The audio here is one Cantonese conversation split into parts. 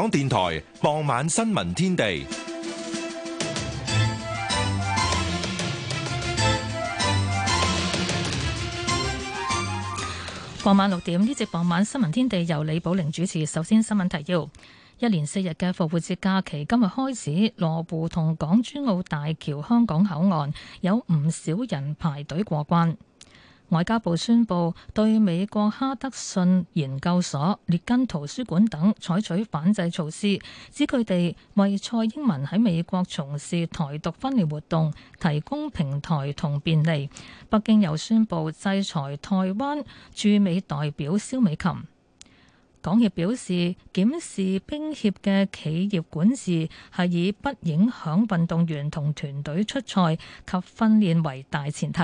港電台傍晚新聞天地。傍晚六點。呢節傍晚新聞天地由李寶玲主持。首先，新聞提要：一連四日嘅復活節假期，今日開始，羅湖同港珠澳大橋香港口岸有唔少人排隊過關。外交部宣布對美國哈德遜研究所、列根圖書館等採取反制措施，指佢哋為蔡英文喺美國從事台獨分裂活動提供平台同便利。北京又宣布制裁台灣駐美代表蕭美琴。港協表示，檢視冰協嘅企業管治係以不影響運動員同團隊出賽及訓練為大前提。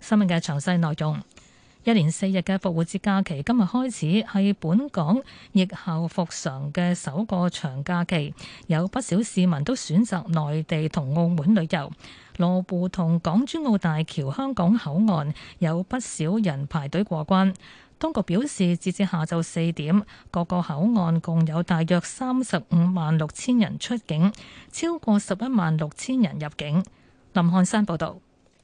新聞嘅詳細內容。一連四日嘅復活節假期今日開始，係本港疫後復常嘅首個長假期，有不少市民都選擇內地同澳門旅遊。羅湖同港珠澳大橋香港口岸有不少人排隊過關。當局表示，截至下晝四點，各個口岸共有大約三十五萬六千人出境，超過十一萬六千人入境。林漢山報導。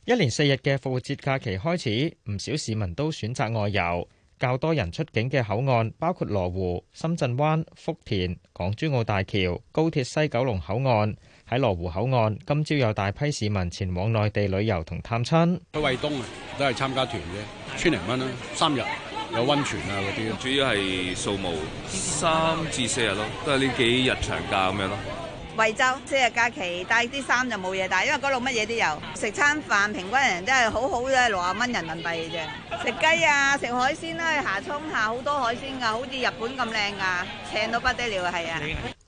一連四日嘅復活節假期開始，唔少市民都選擇外遊，較多人出境嘅口岸包括羅湖、深圳灣、福田、港珠澳大橋、高鐵西九龍口岸。喺羅湖口岸，今朝有大批市民前往內地旅遊同探親。去惠東呀都係參加團嘅，千零蚊啦，三日有溫泉啊嗰啲，主要係掃墓，三至四日咯，都係呢幾日長假咁樣咯。惠州四日假期，帶啲衫就冇嘢帶，因為嗰度乜嘢都有。食餐飯平均人都係好好嘅，六啊蚊人民幣嘅啫。食雞啊，食海鮮啦，啊，霞涌下好多海鮮㗎，啊，好似日本咁靚㗎，正到不得了啊，係啊。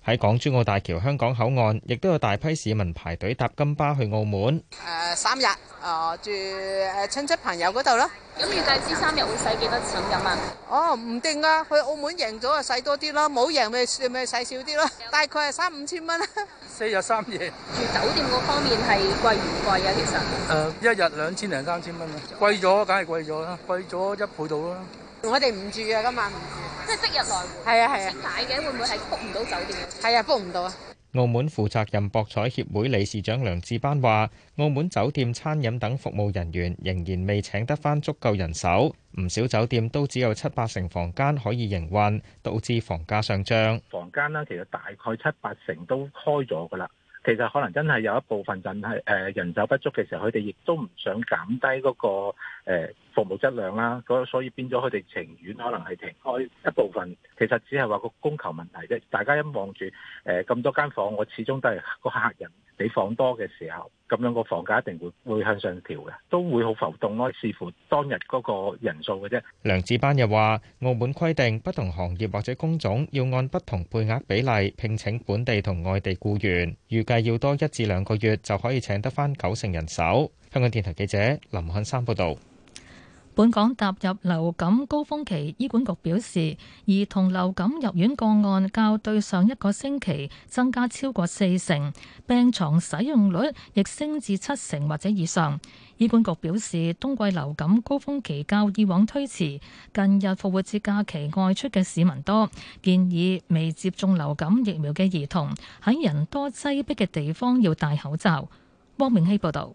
喺港珠澳大橋香港口岸，亦都有大批市民排隊搭金巴去澳門。誒，三日，哦住誒親戚朋友嗰度咯。咁預計呢三日會使幾多錢咁啊？哦，唔定噶，去澳門贏咗啊，使多啲咯；冇贏咪咪使少啲咯。大概係三五千蚊啦。四日三夜。住酒店嗰方面係貴唔貴啊？其實。誒，一日兩千零三千蚊啊，貴咗梗係貴咗啦，貴咗一倍到啦。我哋唔住啊，今晚唔住。即係即日來回，係啊係啊，點解嘅會唔會係 book 唔到酒店？係啊，book 唔到啊！澳門負責任博彩協會理事長梁志班話，澳門酒店、餐飲等服務人員仍然未請得返足夠人手，唔少酒店都只有七八成房間可以營運，導致房價上漲。房間呢，其實大概七八成都開咗㗎喇。其實可能真係有一部分人，係誒人手不足嘅時候，佢哋亦都唔想減低嗰個服務質量啦。所以變咗，佢哋情願可能係停開一部分。其實只係話個供求問題啫。大家一望住誒咁多間房，我始終都係個客人。俾房多嘅時候，咁樣個房價一定會會向上調嘅，都會好浮動咯，視乎當日嗰個人數嘅啫。梁志班又話：澳門規定不同行業或者工種要按不同配額比例聘請本地同外地僱員，預計要多一至兩個月就可以請得返九成人手。香港電台記者林漢山報道。本港踏入流感高峰期，醫管局表示，兒童流感入院個案較對上一個星期增加超過四成，病床使用率亦升至七成或者以上。醫管局表示，冬季流感高峰期較以往推遲，近日復活節假期外出嘅市民多，建議未接種流感疫苗嘅兒童喺人多擠迫嘅地方要戴口罩。汪明希報道。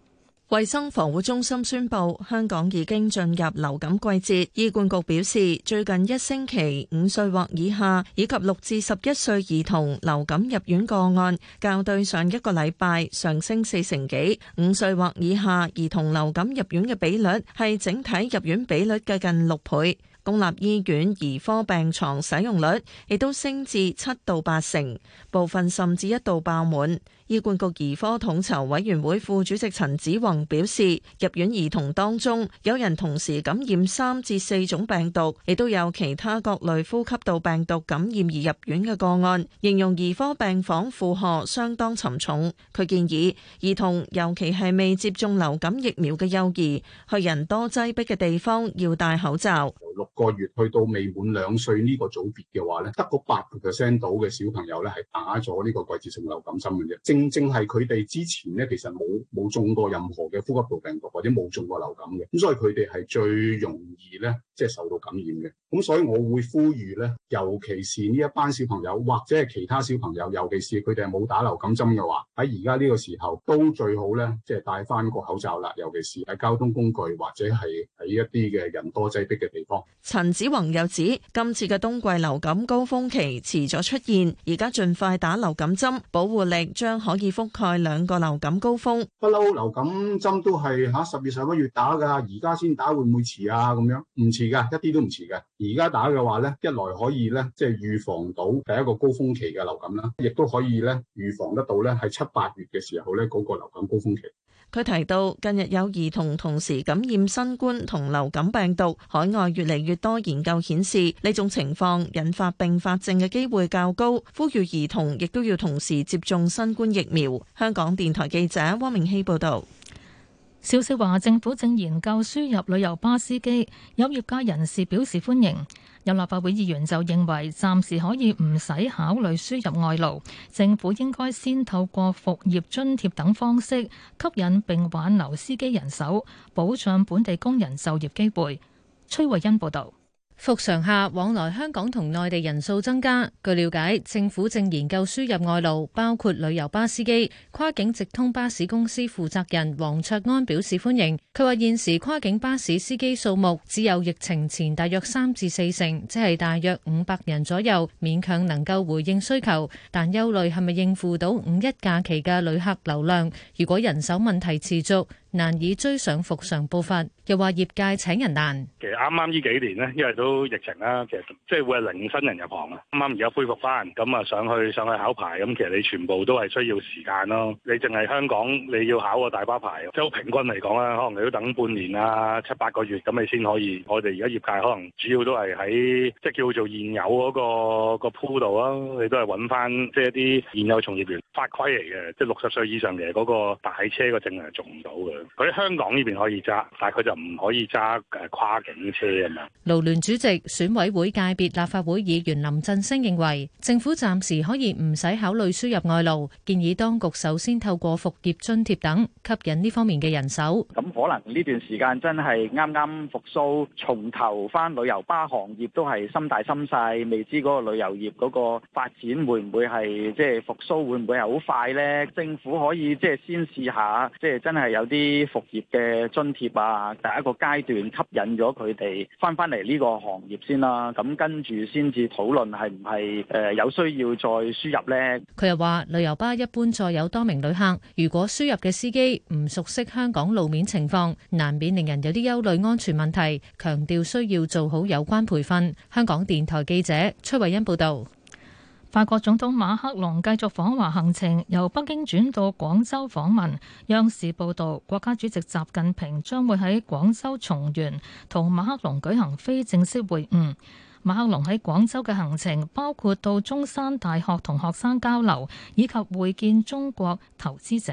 衛生防護中心宣布，香港已經進入流感季節。醫管局表示，最近一星期五歲或以下以及六至十一歲兒童流感入院個案，較對上一個禮拜上升四成幾。五歲或以下兒童流感入院嘅比率，係整體入院比率嘅近六倍。公立醫院兒科病床使用率亦都升至七到八成，部分甚至一度爆滿。醫管局兒科統籌委員會副主席陳子宏表示，入院兒童當中，有人同時感染三至四種病毒，亦都有其他各類呼吸道病毒感染而入院嘅個案，形容兒科病房負荷相當沉重。佢建議，兒童尤其係未接種流感疫苗嘅幼兒，去人多擠逼嘅地方要戴口罩。六個月去到未滿兩歲呢個組別嘅話咧，得個八 percent 到嘅小朋友咧係打咗呢個季節性流感針嘅啫。正正係佢哋之前咧，其實冇冇中過任何嘅呼吸道病毒，或者冇中過流感嘅，咁所以佢哋係最容易咧，即係受到感染嘅。咁所以我會呼籲咧，尤其是呢一班小朋友，或者係其他小朋友，尤其是佢哋係冇打流感針嘅話，喺而家呢個時候都最好咧，即係戴翻個口罩啦。尤其是喺交通工具，或者係，喺一啲嘅人多擠逼嘅地方。陳子宏又指，今次嘅冬季流感高峰期遲咗出現，而家盡快打流感針保護力將。可以覆蓋兩個流感高峰。不嬲，流感針都係喺、啊、十月上個月打噶，而家先打會唔會遲啊？咁樣唔遲噶，一啲都唔遲嘅。而家打嘅話咧，一來可以咧即係預防到第一個高峰期嘅流感啦，亦都可以咧預防得到咧係七八月嘅時候咧嗰個流感高峰期。佢提到，近日有兒童同時感染新冠同流感病毒，海外越嚟越多研究顯示，呢種情況引發併發症嘅機會較高，呼籲兒童亦都要同時接種新冠疫苗。香港電台記者汪明希報導。消息話，政府正研究輸入旅遊巴司機，有業界人士表示歡迎。有立法會議員就認為，暫時可以唔使考慮輸入外勞，政府應該先透過復業津貼等方式吸引並挽留司機人手，保障本地工人就業機會。崔慧欣報導。復常下，往來香港同內地人數增加。據了解，政府正研究輸入外勞，包括旅遊巴司機。跨境直通巴士公司負責人黃卓安表示歡迎。佢話現時跨境巴士司機數目只有疫情前大約三至四成，即係大約五百人左右，勉強能夠回應需求。但憂慮係咪應付到五一假期嘅旅客流量？如果人手問題持續，難以追上復常步伐，又話業界請人難。其實啱啱呢幾年咧，因為都疫情啦，其實即係會係零新人入行啊。啱啱而家恢復翻，咁啊上去上去考牌，咁其實你全部都係需要時間咯。你淨係香港你要考個大巴牌，即係平均嚟講啦，可能你都等半年啊、七八個月，咁你先可以。我哋而家業界可能主要都係喺即係叫做現有嗰、嗰個、嗰個鋪度啊，你都係揾翻即係一啲現有從業員。法規嚟嘅，即係六十歲以上嘅嗰、嗰個大車個證係做唔到嘅。佢喺香港呢邊可以揸，但係佢就唔可以揸誒跨境車啊嘛。勞聯主席、選委會界別立法會議員林振昇認為政府暫時可以唔使考慮輸入外勞，建議當局首先透過復業津貼等吸引呢方面嘅人手。咁可能呢段時間真係啱啱復蘇，從頭翻旅遊巴行業都係心大心細，未知嗰個旅遊業嗰個發展會唔會係即係復蘇會唔會係好快咧？政府可以即係先試下，即係真係有啲。啲復業嘅津貼啊，第一個階段吸引咗佢哋返返嚟呢個行業先啦。咁跟住先至討論係唔係誒有需要再輸入呢？佢又話：旅遊巴一般載有多名旅客，如果輸入嘅司機唔熟悉香港路面情況，難免令人有啲憂慮安全問題。強調需要做好有關培訓。香港電台記者崔慧欣報道。法國總統馬克龍繼續訪華行程，由北京轉到廣州訪問。央視報道，國家主席習近平將會喺廣州松園同馬克龍舉行非正式會晤。馬克龍喺廣州嘅行程包括到中山大學同學生交流，以及會見中國投資者。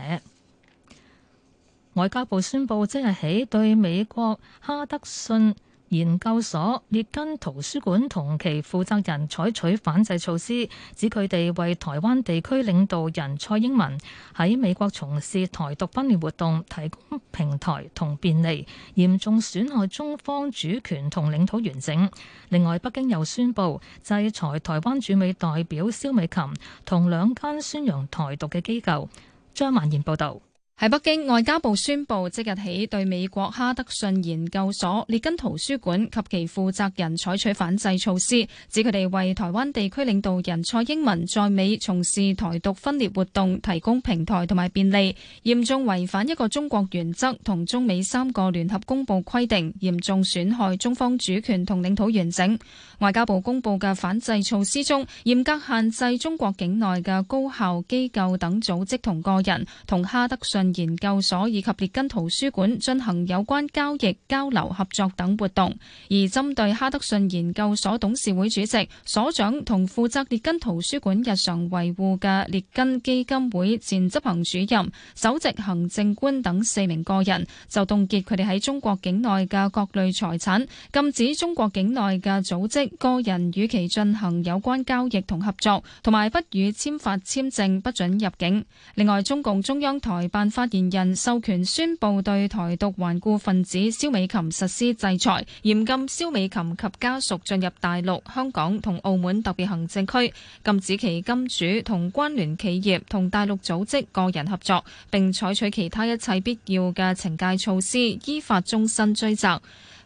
外交部宣布，即日起對美國哈德遜。研究所、列根圖書館同其負責人採取反制措施，指佢哋為台灣地區領導人蔡英文喺美國從事台獨分裂活動提供平台同便利，嚴重損害中方主權同領土完整。另外，北京又宣布制裁台灣駐美代表蕭美琴同兩間宣揚台獨嘅機構。張曼然報導。喺北京，外交部宣布即日起對美國哈德遜研究所、列根圖書館及其負責人採取反制措施，指佢哋為台灣地區領導人蔡英文在美從事台獨分裂活動提供平台同埋便利，嚴重違反一個中國原則同中美三個聯合公報規定，嚴重損害中方主權同領土完整。外交部公布嘅反制措施中，嚴格限制中國境內嘅高校、機構等組織同個人同哈德遜。研究所以及列根圖書館進行有關交易、交流、合作等活動，而針對哈德遜研究所董事會主席、所長同負責列根圖書館日常維護嘅列根基金會前執行主任、首席行政官等四名個人，就凍結佢哋喺中國境內嘅各類財產，禁止中國境內嘅組織、個人與其進行有關交易同合作，同埋不予簽發簽證、不准入境。另外，中共中央台辦。發言人授權宣布對台獨頑固分子蕭美琴實施制裁，嚴禁蕭美琴及家屬進入大陸、香港同澳門特別行政區，禁止其金主同關聯企業同大陸組織個人合作，並採取其他一切必要嘅懲戒措施，依法終身追責。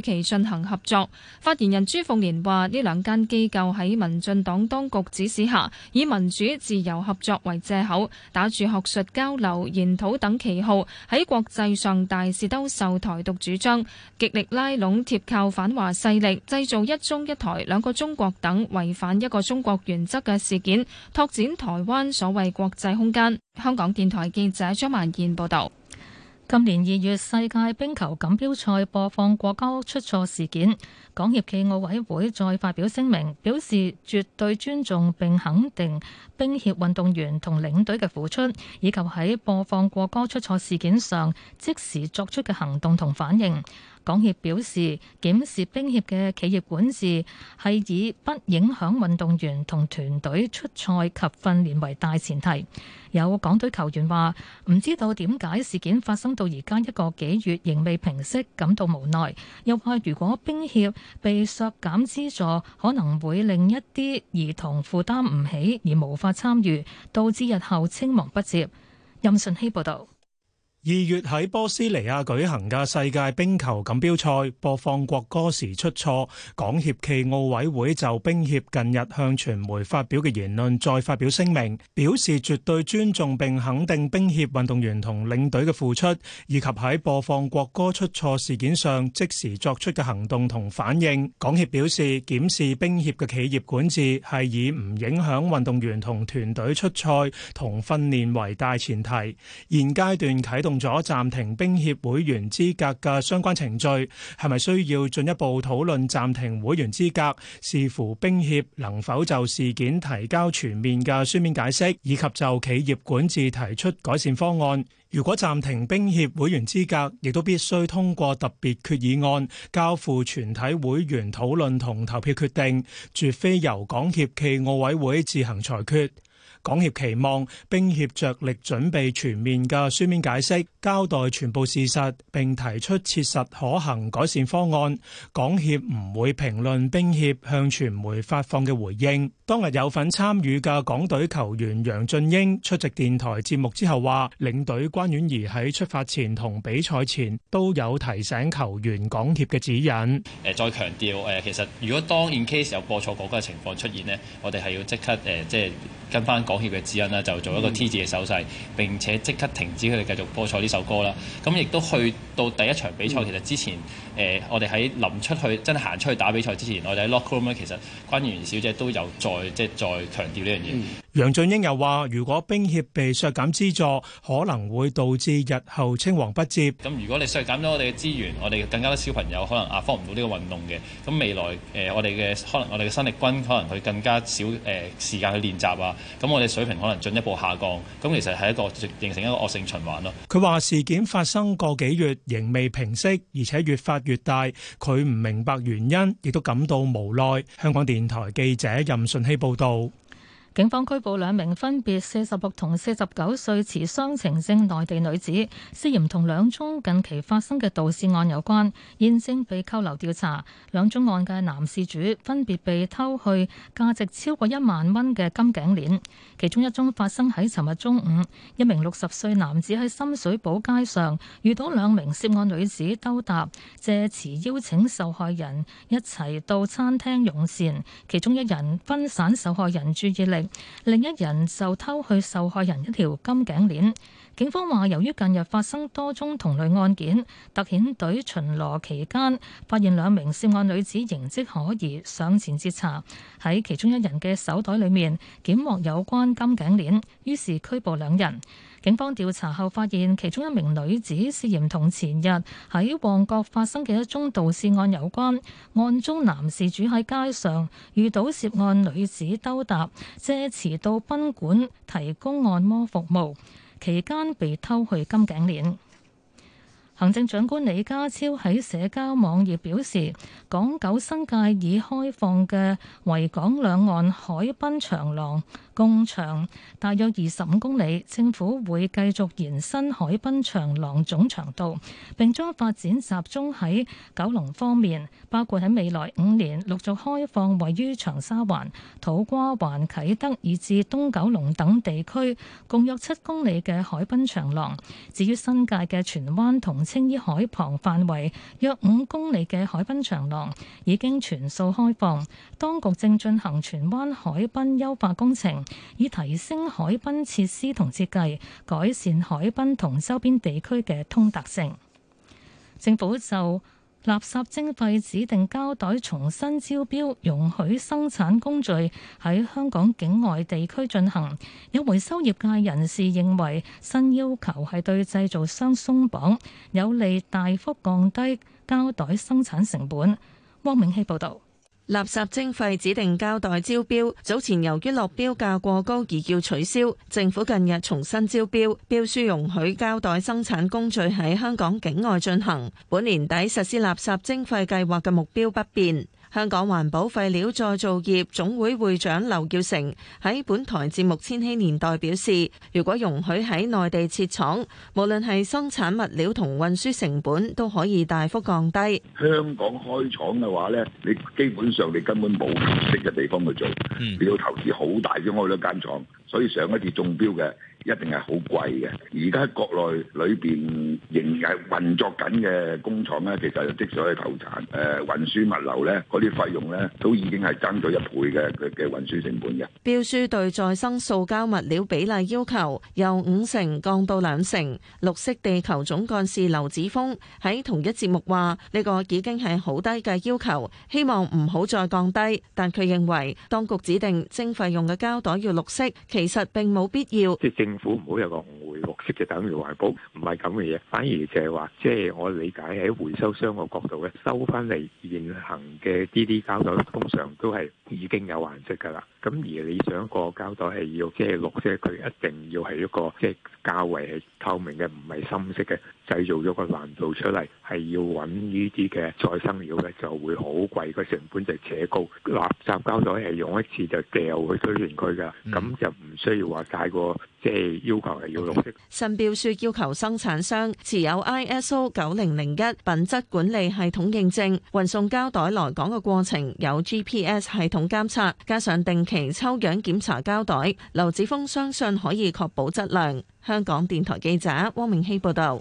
其進行合作。發言人朱鳳蓮話：呢兩間機構喺民進黨當局指使下，以民主自由合作為藉口，打住學術交流、研討等旗號，喺國際上大肆兜售台獨主張，極力拉攏貼靠反華勢力，製造一中一台、兩個中國等違反一個中國原則嘅事件，拓展台灣所謂國際空間。香港電台記者張曼燕報導。今年二月世界冰球錦標賽播放國歌出錯事件，港協暨奧委會再發表聲明，表示絕對尊重並肯定冰協運動員同領隊嘅付出，以及喺播放國歌出錯事件上即時作出嘅行動同反應。港協表示，檢視冰協嘅企業管治係以不影響運動員同團隊出賽及訓練為大前提。有港隊球員話：唔知道點解事件發生到而家一個幾月仍未平息，感到無奈。又話如果冰協被削減資助，可能會令一啲兒童負擔唔起而無法參與，導致日後青黃不接。任信希報導。二月喺波斯尼亞舉行嘅世界冰球錦標賽，播放國歌時出錯。港協暨奧委會就冰協近日向傳媒發表嘅言論，再發表聲明，表示絕對尊重並肯定冰協運動員同領隊嘅付出，以及喺播放國歌出錯事件上即時作出嘅行動同反應。港協表示，檢視冰協嘅企業管治，係以唔影響運動員同團隊出賽同訓練為大前提。現階段啟動。用咗暫停冰協會員資格嘅相關程序，係咪需要進一步討論暫停會員資格？視乎冰協能否就事件提交全面嘅書面解釋，以及就企業管治提出改善方案。如果暫停冰協會員資格，亦都必須通過特別決議案，交付全體會員討論同投票決定，絕非由港協暨奧委會自行裁決。港協期望冰協着力準備全面嘅書面解釋，交代全部事實，並提出切實可行改善方案。港協唔會評論冰協向傳媒發放嘅回應。當日有份參與嘅港隊球員楊俊英出席電台節目之後話，領隊關婉儀喺出發前同比賽前都有提醒球員港協嘅指引。再強調，其實如果當 in case 有過錯嗰個情況出現呢，我哋係要即刻誒、呃，即係。跟翻港協嘅指引啦，就做一個 T 字嘅手勢，並且即刻停止佢哋繼續播錯呢首歌啦。咁亦都去到第一場比賽，其實之前誒、呃、我哋喺臨出去真係行出去打比賽之前，我哋喺 Locker Room 咧，其實關員小姐都有再即係再強調呢樣嘢。嗯。楊俊英又話，如果冰協被削減資助，可能會導致日後青黃不接。咁如果你削減咗我哋嘅資源，我哋更加多小朋友可能啊 follow 唔到呢個運動嘅。咁未來誒、呃，我哋嘅可能我哋嘅生力軍可能佢更加少誒、呃、時間去練習啊。咁我哋水平可能進一步下降。咁其實係一個形成一個惡性循環咯。佢話事件發生個幾月仍未平息，而且越發越大。佢唔明白原因，亦都感到無奈。香港電台記者任順希報道。警方拘捕兩名分別四十六同四十九歲持雙程證內地女子，涉嫌同兩宗近期發生嘅盜竊案有關，現正被扣留調查。兩宗案嘅男事主分別被偷去價值超過一萬蚊嘅金頸鏈。其中一宗發生喺尋日中午，一名六十歲男子喺深水埗街上遇到兩名涉案女子兜搭，借詞邀請受害人一齊到餐廳用膳，其中一人分散受害人注意力。另一人就偷去受害人一條金頸鏈。警方話，由於近日發生多宗同類案件，特遣隊巡邏期間發現兩名涉案女子形跡可疑，上前截查。喺其中一人嘅手袋裡面檢獲有關金頸鏈，於是拘捕兩人。警方調查後發現，其中一名女子涉嫌同前日喺旺角發生嘅一宗盜竊案有關。案中男事主喺街上遇到涉案女子兜搭，借詞到賓館提供按摩服務。期間被偷去金頸鏈。行政長官李家超喺社交網頁表示，港九新界已開放嘅維港兩岸海濱長廊，共長大約二十五公里，政府會繼續延伸海濱長廊總長度，並將發展集中喺九龍方面，包括喺未來五年陸續開放位於長沙灣、土瓜灣、啟德以至東九龍等地區共約七公里嘅海濱長廊。至於新界嘅荃灣同青衣海旁範圍約五公里嘅海濱長廊已經全數開放，當局正進行荃灣海濱優化工程。以提升海濱設施同設計，改善海濱同周邊地區嘅通達性。政府就垃圾徵費指定膠袋重新招標，容許生產工序喺香港境外地區進行。有回收業界人士認為，新要求係對製造商鬆綁，有利大幅降低膠袋生產成本。汪永希報道。垃圾徵費指定膠袋招標，早前由於落標價過高而要取消。政府近日重新招標，標書容許膠袋生產工序喺香港境外進行。本年底實施垃圾徵費計劃嘅目標不變。香港環保廢料再造業總會會長劉耀成喺本台節目《千禧年代》表示，如果容許喺內地設廠，無論係生產物料同運輸成本都可以大幅降低。香港開廠嘅話呢，你基本上你根本冇合適嘅地方去做，你要投資好大先開到間廠，所以上一次中標嘅。一定係好貴嘅，而家喺國內裏邊仍然係運作緊嘅工廠呢，其實就即使去投產，誒運輸物流呢，嗰啲費用呢都已經係增咗一倍嘅嘅嘅運輸成本嘅。標書對再生塑膠物料比例要求由五成降到兩成，綠色地球總幹事劉子峯喺同一節目話：呢個已經係好低嘅要求，希望唔好再降低。但佢認為當局指定徵費用嘅膠袋要綠色，其實並冇必要。政府唔好有個紅回綠色嘅等於環保，唔係咁嘅嘢，反而就係話，即係我理解喺回收商個角度咧，收翻嚟現行嘅啲啲膠袋，通常都係已經有顏色噶啦。咁而你想個膠袋係要即係綠色，佢一定要係一個即係。就是較為係透明嘅，唔係深色嘅，製造咗個難度出嚟，係要揾呢啲嘅再生料嘅，就會好貴，個成本就扯高。垃圾膠袋係用一次就掉，去堆亂佢噶，咁就唔需要話大過即係要求係要綠色。新標書要求生產商持有 ISO 九零零一品質管理系統認證，運送膠袋來港嘅過程有 GPS 系統監測，加上定期抽樣檢查膠袋，劉子峰相信可以確保質量。香港電台記者汪明熙報道：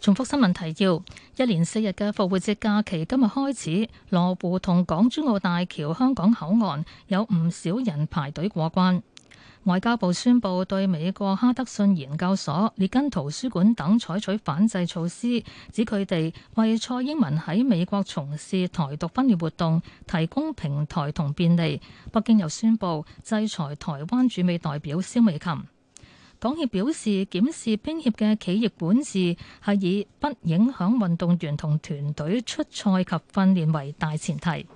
重複新聞提要，一連四日嘅復活節假期今日開始，羅湖同港珠澳大橋香港口岸有唔少人排隊過關。外交部宣布對美國哈德遜研究所、列根圖書館等採取反制措施，指佢哋為蔡英文喺美國從事台獨分裂活動提供平台同便利。北京又宣布制裁台灣駐美代表蕭美琴。港協表示，檢視冰協嘅企業管治係以不影響運動員同團隊出賽及訓練為大前提。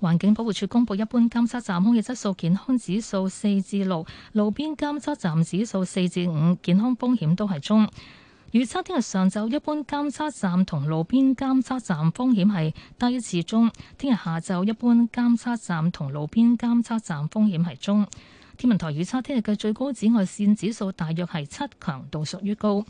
環境保護署公布，一般監測站空氣質素健康指數四至六，6, 路邊監測站指數四至五，5, 健康風險都係中。預測聽日上晝一般監測站同路邊監測站風險係低至中，聽日下晝一般監測站同路邊監測站風險係中。天文台預測，聽日嘅最高紫外線指數大約係七，強度屬於高。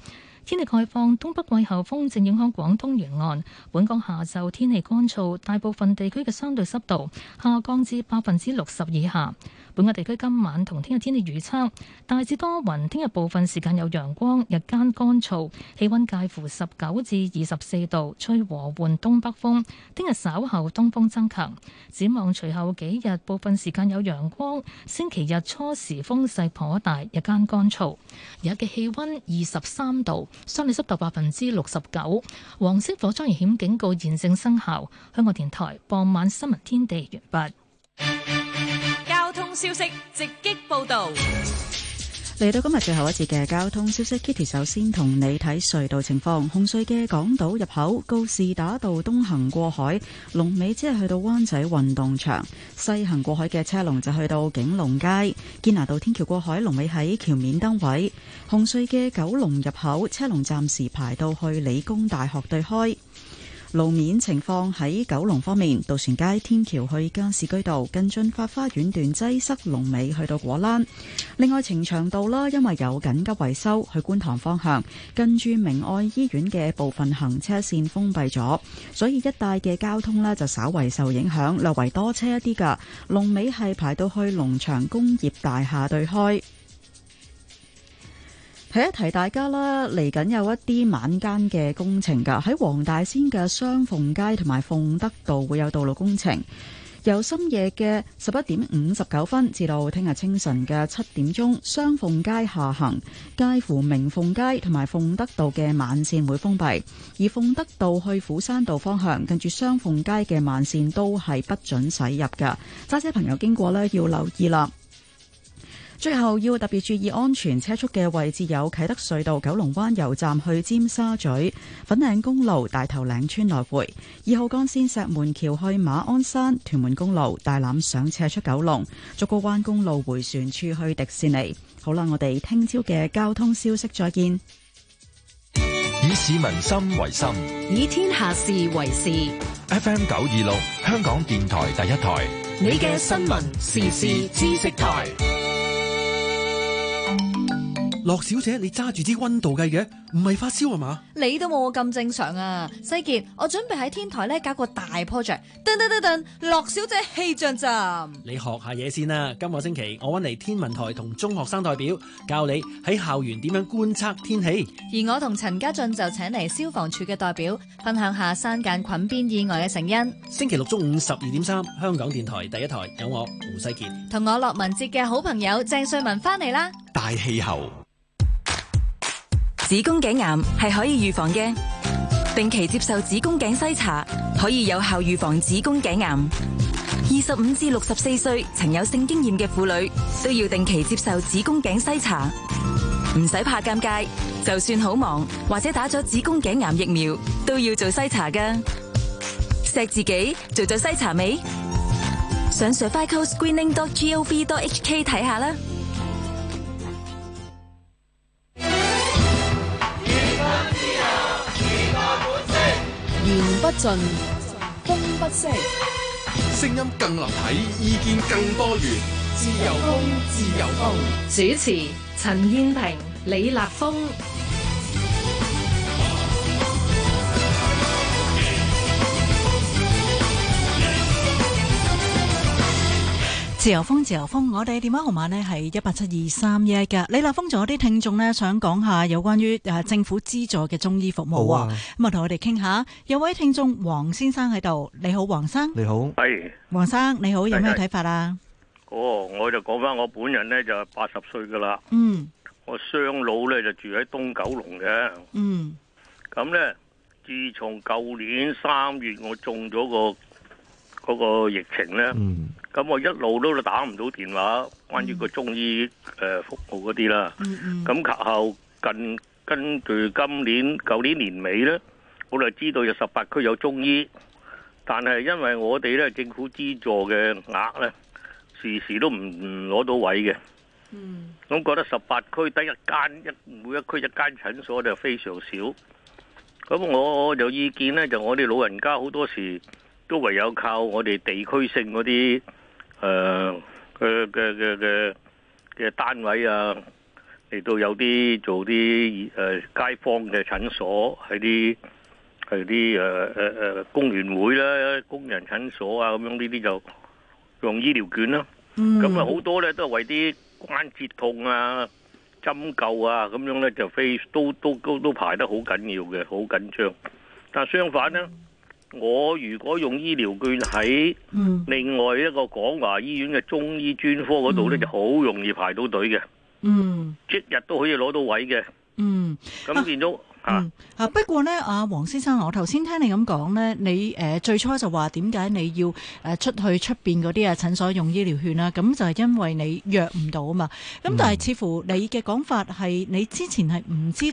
天氣概況，東北季候風正影響廣東沿岸，本港下晝天氣乾燥，大部分地區嘅相對濕度下降至百分之六十以下。本港地區今晚同聽日天氣預測，大致多雲，聽日部分時間有陽光，日間乾燥，氣温介乎十九至二十四度，吹和緩東北風。聽日稍後東風增強，展望隨後幾日部分時間有陽光，星期日初時風勢頗大，日間乾燥。而家嘅氣温二十三度，相對濕度百分之六十九，黃色火災危險警告現正生效。香港電台傍晚新聞天地，完畢。消息，直擊報道嚟到今日最後一節嘅交通消息。Kitty 首先同你睇隧道情況。紅隧嘅港島入口告士打道東行過海龍尾，即係去到灣仔運動場；西行過海嘅車龍就去到景隆街，堅拿道天橋過海龍尾喺橋面燈位。紅隧嘅九龍入口車龍暫時排到去理工大學對開。路面情況喺九龍方面，渡船街天橋去加士居道、近進發花園段擠塞，龍尾去到果欄。另外，呈祥道啦，因為有緊急維修，去觀塘方向，近住明愛醫院嘅部分行車線封閉咗，所以一帶嘅交通呢就稍為受影響，略為多車一啲噶。龍尾係排到去龍翔工業大廈對開。提一提大家啦，嚟緊有一啲晚間嘅工程噶，喺黃大仙嘅雙鳳街同埋鳳德道會有道路工程，由深夜嘅十一點五十九分至到聽日清晨嘅七點鐘，雙鳳街下行介乎明鳳街同埋鳳德道嘅慢綫會封閉，而鳳德道去虎山道方向，近住雙鳳街嘅慢綫都係不准駛入噶，揸車朋友經過呢，要留意啦。最後要特別注意安全車速嘅位置有啟德隧道、九龍灣油站去尖沙咀、粉嶺公路大頭嶺村來回、二號幹線石門橋去馬鞍山、屯門公路大欖上斜出九龍、竹篙灣公路迴旋處去迪士尼。好啦，我哋聽朝嘅交通消息，再見。以市民心為心，以天下事為事。FM 九二六香港電台第一台，你嘅新聞時事知識台。駱小姐，你揸住支温度計嘅，唔係發燒啊嘛？你都冇我咁正常啊！西杰，我準備喺天台咧搞個大 project，噔噔噔噔，駱小姐氣象站。你學下嘢先啦！今個星期我搵嚟天文台同中學生代表教你喺校園點樣觀測天氣，而我同陳家俊就請嚟消防處嘅代表分享下山間菌邊意外嘅成因。星期六中午十二點三，3, 香港電台第一台有我胡西杰，同我駱文捷嘅好朋友鄭瑞文翻嚟啦！大氣候。子宮頸癌係可以預防嘅，定期接受子宮頸篩查可以有效預防子宮頸癌。二十五至六十四歲曾有性經驗嘅婦女都要定期接受子宮頸篩查，唔使怕尷尬。就算好忙或者打咗子宮頸癌疫苗，都要做篩查噶。錫自己做咗篩查未？上 cervicalscreening.gov.hk 睇下啦。.言不盡，風不息。聲音更立體，意見更多元。自由風，自由風。主持：陳燕萍、李立峰。自由風，自由風，我哋電話號碼咧係一八七二三一一噶。李立峰仲有啲聽眾咧，想講下有關於誒政府資助嘅中醫服務啊。咁啊，同我哋傾下。有位聽眾黃先生喺度，你好，黃生。你好，係黃生，你好，有咩睇法啊？哦，我就講翻我本人咧，就八十歲噶啦。嗯，我雙老咧就住喺東九龍嘅。嗯，咁咧，自從舊年三月我中咗個。嗰個疫情呢，咁、嗯、我一路都打唔到電話，關於個中醫、嗯呃、服務嗰啲啦。咁及、嗯、後近根據今年、舊年年尾呢，我就知道有十八區有中醫，但係因為我哋呢政府資助嘅額呢，時時都唔攞到位嘅。咁、嗯、覺得十八區得一間一每一區一間診所就非常少。咁我有意見呢，就我哋老人家好多時。都唯有靠我哋地區性嗰啲誒嘅嘅嘅嘅嘅單位啊，嚟到有啲做啲誒、呃、街坊嘅診所喺啲喺啲誒誒誒工聯會啦、工人診所啊咁樣呢啲就用醫療券啦、啊。咁啊好多咧都係為啲關節痛啊、針灸啊咁樣咧就 face 都都都都排得好緊要嘅，好緊張。但係相反咧。Mm. 我如果用醫療券喺另外一個廣華醫院嘅中醫專科度咧，嗯、就好容易排到隊嘅，嗯，即日都可以攞到位嘅、嗯啊。嗯，咁變咗啊，不過咧，阿黃先生，我頭先聽你咁講咧，你誒、呃、最初就話點解你要誒出去出邊啲啊診所用醫療券啦？咁就係因為你約唔到啊嘛。咁但係似乎你嘅講法係你之前係唔知。嗯